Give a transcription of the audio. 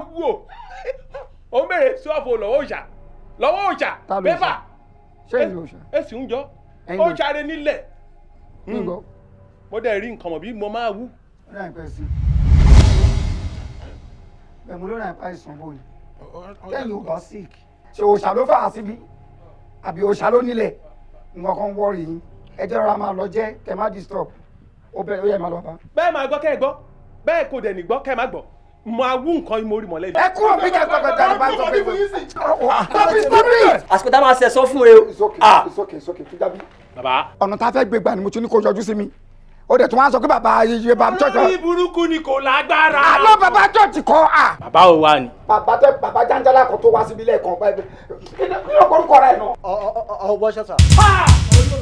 ń wò ó ń bèrè ṣọ́ọ̀bù lọ́wọ́ òòṣà lọ́wọ́ òòṣà pépà èsì ń jọ ó ṣàrẹ nílẹ̀ hmm. mo dẹ̀ rí nǹkan mọ̀ bí mo máa wú. bẹ̀mú ló ràn pa ìsàn bò ní tẹ́yìn ò bá sick ṣe òòṣà ló fà á síbí àbí òòṣà ló nílẹ̀ nǹkan kan wọ́ọ̀rì yín ẹ jẹ́ ra máa lọ jẹ́ kẹ́ má disturb ó bẹ̀rẹ̀ ó yẹ máa lọ bá. bẹ́ẹ̀ máa gbọ́ kẹ́ ẹ gbọ́ bẹ́ẹ̀ kò dẹ̀ ní gbọ́ má gbọ́ máa wú nǹkan imori mọ̀lẹ́bí. ẹ kúrò bí jẹ́ pẹpẹtẹ ló bá sọ pé tọ́bí tọ́bí. àsìkò tá a máa ṣe sọ fún ẹ o. Ah. it's okay it's okay Fúnjábí. bàbá. ọ̀nà tá a fẹ́ gbégbá ni mo ti ní kó yọjú sí mi ó dẹ̀ tún wá sọ pé bàbá iye bàbá chọ́ọ̀chì. orí burúkú ni kò lágbára. àlọ́ bàbá chọ́ọ̀chì kọ́ à. bàbá ò wá ni. bàbá tó bàbá jàǹjàlá kan tó wá síbi lẹ́ẹ̀kan kí ló kọ́ orúkọ rẹ̀ nù. ọ̀ọ́ bọ́